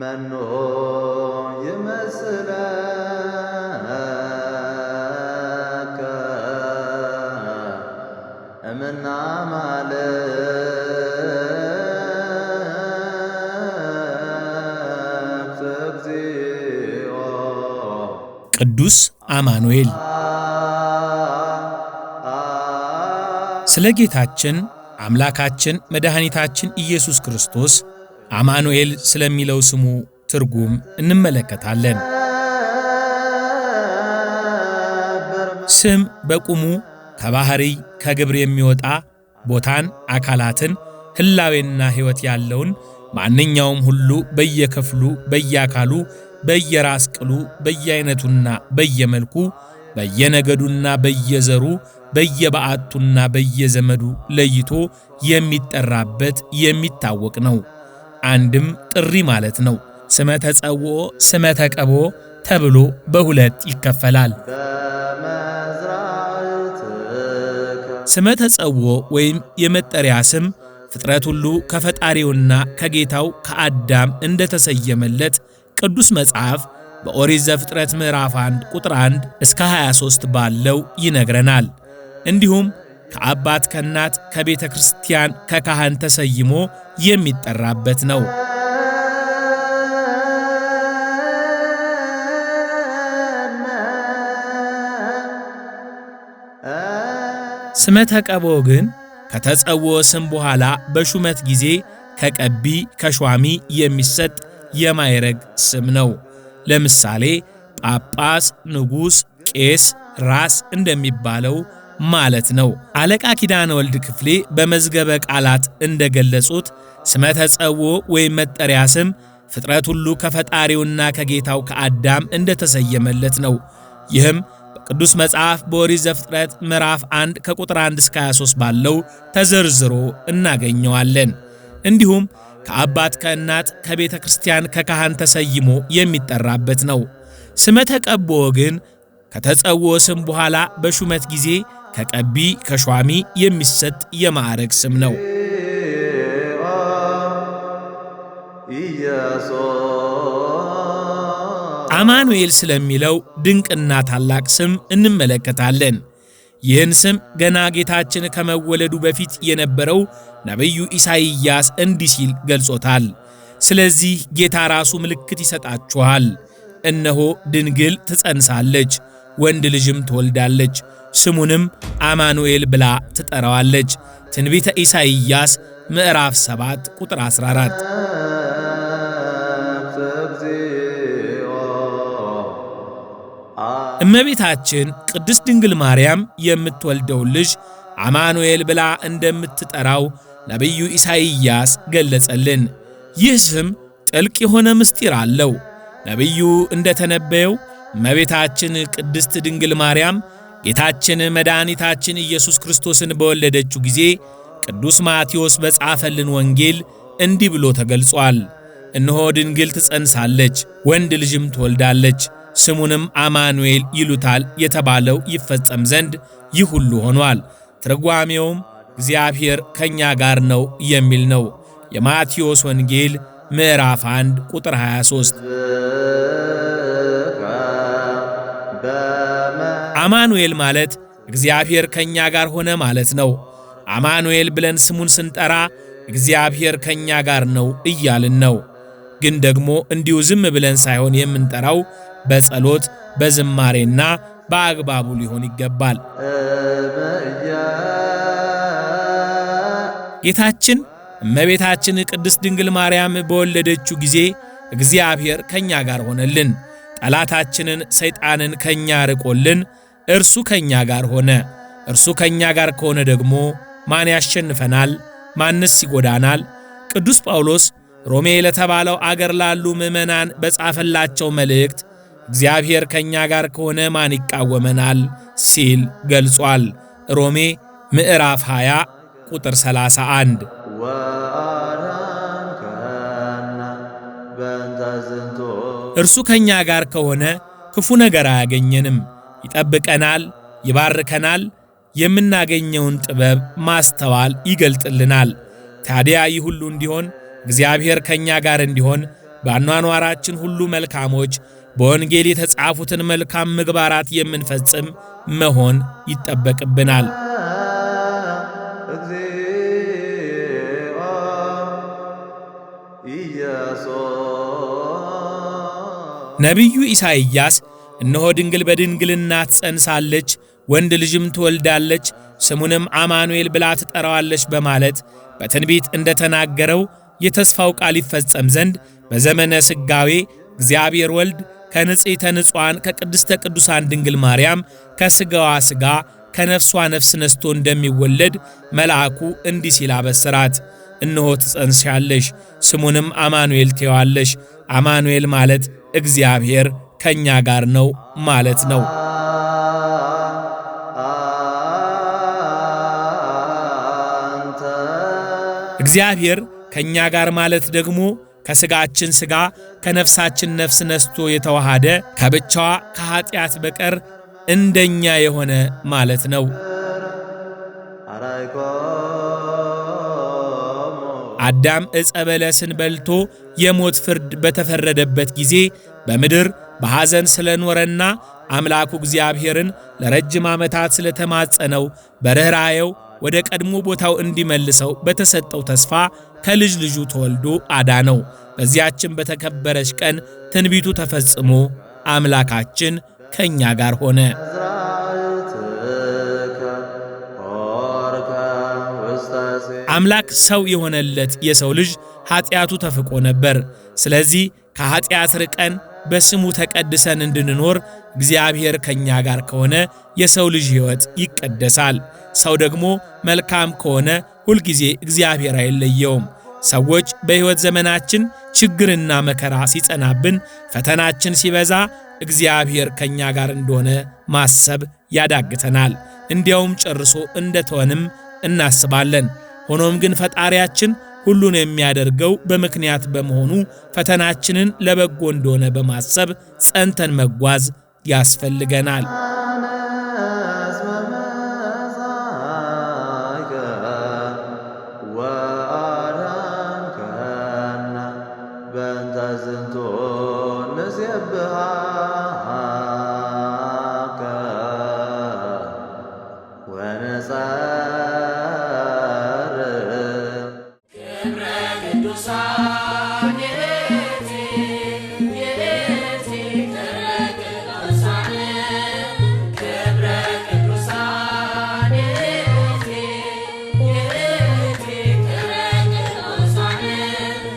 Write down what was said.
መኖ ይመስለከ እምናማልክት እግዚኦ ቅዱስ አማኑኤል ስለ ጌታችን አምላካችን መድኃኒታችን ኢየሱስ ክርስቶስ አማኑኤል ስለሚለው ስሙ ትርጉም እንመለከታለን። ስም በቁሙ ከባህርይ ከግብር የሚወጣ ቦታን፣ አካላትን፣ ህላዌና ሕይወት ያለውን ማንኛውም ሁሉ በየክፍሉ በየአካሉ በየራስ ቅሉ በየአይነቱና በየመልኩ በየነገዱና በየዘሩ በየበዓቱና በየዘመዱ ለይቶ የሚጠራበት የሚታወቅ ነው። አንድም ጥሪ ማለት ነው። ስመ ተጸውዖ፣ ስመ ተቀብዖ ተብሎ በሁለት ይከፈላል። ስመ ተጸውዖ ወይም የመጠሪያ ስም ፍጥረት ሁሉ ከፈጣሪውና ከጌታው ከአዳም እንደተሰየመለት ቅዱስ መጽሐፍ በኦሪት ዘፍጥረት ምዕራፍ 1 ቁጥር 1 እስከ 23 ባለው ይነግረናል። እንዲሁም ከአባት ከእናት ከቤተ ክርስቲያን ከካህን ተሰይሞ የሚጠራበት ነው። ስመተ ቀቦ ግን ከተጸውዖ ስም በኋላ በሹመት ጊዜ ከቀቢ ከሿሚ የሚሰጥ የማይረግ ስም ነው። ለምሳሌ ጳጳስ፣ ንጉሥ፣ ቄስ፣ ራስ እንደሚባለው ማለት ነው። አለቃ ኪዳነ ወልድ ክፍሌ በመዝገበ ቃላት እንደገለጹት ስመ ተጸውዖ ወይም መጠሪያ ስም ፍጥረት ሁሉ ከፈጣሪውና ከጌታው ከአዳም እንደተሰየመለት ነው። ይህም በቅዱስ መጽሐፍ በኦሪት ዘፍጥረት ምዕራፍ 1 ከቁጥር 1 እስከ 23 ባለው ተዘርዝሮ እናገኘዋለን። እንዲሁም ከአባት ከእናት ከቤተ ክርስቲያን ከካህን ተሰይሞ የሚጠራበት ነው። ስመ ተቀብኦ ግን ከተጸውዖ ስም በኋላ በሹመት ጊዜ ከቀቢ ከሿሚ የሚሰጥ የማዕረግ ስም ነው። አማኑኤል ስለሚለው ድንቅና ታላቅ ስም እንመለከታለን። ይህን ስም ገና ጌታችን ከመወለዱ በፊት የነበረው ነቢዩ ኢሳይያስ እንዲህ ሲል ገልጾታል። ስለዚህ ጌታ ራሱ ምልክት ይሰጣችኋል፣ እነሆ ድንግል ትጸንሳለች፣ ወንድ ልጅም ትወልዳለች ስሙንም አማኑኤል ብላ ትጠራዋለች። ትንቢተ ኢሳይያስ ምዕራፍ 7 ቁጥር 14 እመቤታችን ቅድስት ድንግል ማርያም የምትወልደውን ልጅ አማኑኤል ብላ እንደምትጠራው ነቢዩ ኢሳይያስ ገለጸልን። ይህ ስም ጥልቅ የሆነ ምስጢር አለው። ነቢዩ እንደተነበየው እመቤታችን ቅድስት ድንግል ማርያም ጌታችን መድኃኒታችን ኢየሱስ ክርስቶስን በወለደችው ጊዜ ቅዱስ ማቴዎስ በጻፈልን ወንጌል እንዲህ ብሎ ተገልጿል። እነሆ ድንግል ትጸንሳለች፣ ወንድ ልጅም ትወልዳለች፣ ስሙንም አማኑኤል ይሉታል የተባለው ይፈጸም ዘንድ ይህ ሁሉ ሆኗል። ትርጓሜውም እግዚአብሔር ከእኛ ጋር ነው የሚል ነው። የማቴዎስ ወንጌል ምዕራፍ 1 ቁጥር 23 አማኑኤል ማለት እግዚአብሔር ከእኛ ጋር ሆነ ማለት ነው። አማኑኤል ብለን ስሙን ስንጠራ እግዚአብሔር ከእኛ ጋር ነው እያልን ነው። ግን ደግሞ እንዲሁ ዝም ብለን ሳይሆን የምንጠራው በጸሎት በዝማሬና በአግባቡ ሊሆን ይገባል። ጌታችን እመቤታችን ቅድስት ድንግል ማርያም በወለደችው ጊዜ እግዚአብሔር ከእኛ ጋር ሆነልን፣ ጠላታችንን ሰይጣንን ከእኛ ርቆልን እርሱ ከእኛ ጋር ሆነ። እርሱ ከእኛ ጋር ከሆነ ደግሞ ማን ያሸንፈናል? ማንስ ይጎዳናል? ቅዱስ ጳውሎስ ሮሜ ለተባለው አገር ላሉ ምዕመናን በጻፈላቸው መልእክት እግዚአብሔር ከእኛ ጋር ከሆነ ማን ይቃወመናል? ሲል ገልጿል። ሮሜ ምዕራፍ 20 ቁጥር 31 እርሱ ከእኛ ጋር ከሆነ ክፉ ነገር አያገኘንም። ይጠብቀናል፣ ይባርከናል፣ የምናገኘውን ጥበብ ማስተዋል ይገልጥልናል። ታዲያ ይህ ሁሉ እንዲሆን እግዚአብሔር ከእኛ ጋር እንዲሆን በአኗኗራችን ሁሉ መልካሞች በወንጌል የተጻፉትን መልካም ምግባራት የምንፈጽም መሆን ይጠበቅብናል። ነቢዩ ኢሳይያስ እነሆ ድንግል በድንግልና ትጸንሳለች፣ ወንድ ልጅም ትወልዳለች፣ ስሙንም አማኑኤል ብላ ትጠራዋለች በማለት በትንቢት እንደተናገረው የተስፋው ቃል ይፈጸም ዘንድ በዘመነ ስጋዌ እግዚአብሔር ወልድ ከንጽሕተ ንጹሐን ከቅድስተ ቅዱሳን ድንግል ማርያም ከሥጋዋ ሥጋ ከነፍሷ ነፍስ ነስቶ እንደሚወለድ መልአኩ እንዲህ ሲል አበስራት፣ እነሆ ትጸንሻለሽ፣ ስሙንም አማኑኤል ትዪዋለሽ። አማኑኤል ማለት እግዚአብሔር ከእኛ ጋር ነው ማለት ነው። እግዚአብሔር ከእኛ ጋር ማለት ደግሞ ከሥጋችን ሥጋ ከነፍሳችን ነፍስ ነስቶ የተዋሃደ ከብቻዋ ከኀጢአት በቀር እንደኛ የሆነ ማለት ነው። አዳም ዕፀ በለስን በልቶ የሞት ፍርድ በተፈረደበት ጊዜ በምድር በሐዘን ስለኖረና አምላኩ እግዚአብሔርን ለረጅም ዓመታት ስለተማጸነው በርኅራዬው ወደ ቀድሞ ቦታው እንዲመልሰው በተሰጠው ተስፋ ከልጅ ልጁ ተወልዶ አዳነው። በዚያችን በተከበረች ቀን ትንቢቱ ተፈጽሞ አምላካችን ከእኛ ጋር ሆነ። አምላክ ሰው የሆነለት የሰው ልጅ ኀጢአቱ ተፍቆ ነበር። ስለዚህ ከኀጢአት ርቀን በስሙ ተቀድሰን እንድንኖር እግዚአብሔር ከእኛ ጋር ከሆነ የሰው ልጅ ሕይወት ይቀደሳል። ሰው ደግሞ መልካም ከሆነ ሁልጊዜ እግዚአብሔር አይለየውም። ሰዎች በሕይወት ዘመናችን ችግርና መከራ ሲጸናብን፣ ፈተናችን ሲበዛ እግዚአብሔር ከእኛ ጋር እንደሆነ ማሰብ ያዳግተናል። እንዲያውም ጨርሶ እንደተወንም እናስባለን። ሆኖም ግን ፈጣሪያችን ሁሉን የሚያደርገው በምክንያት በመሆኑ ፈተናችንን ለበጎ እንደሆነ በማሰብ ጸንተን መጓዝ ያስፈልገናል።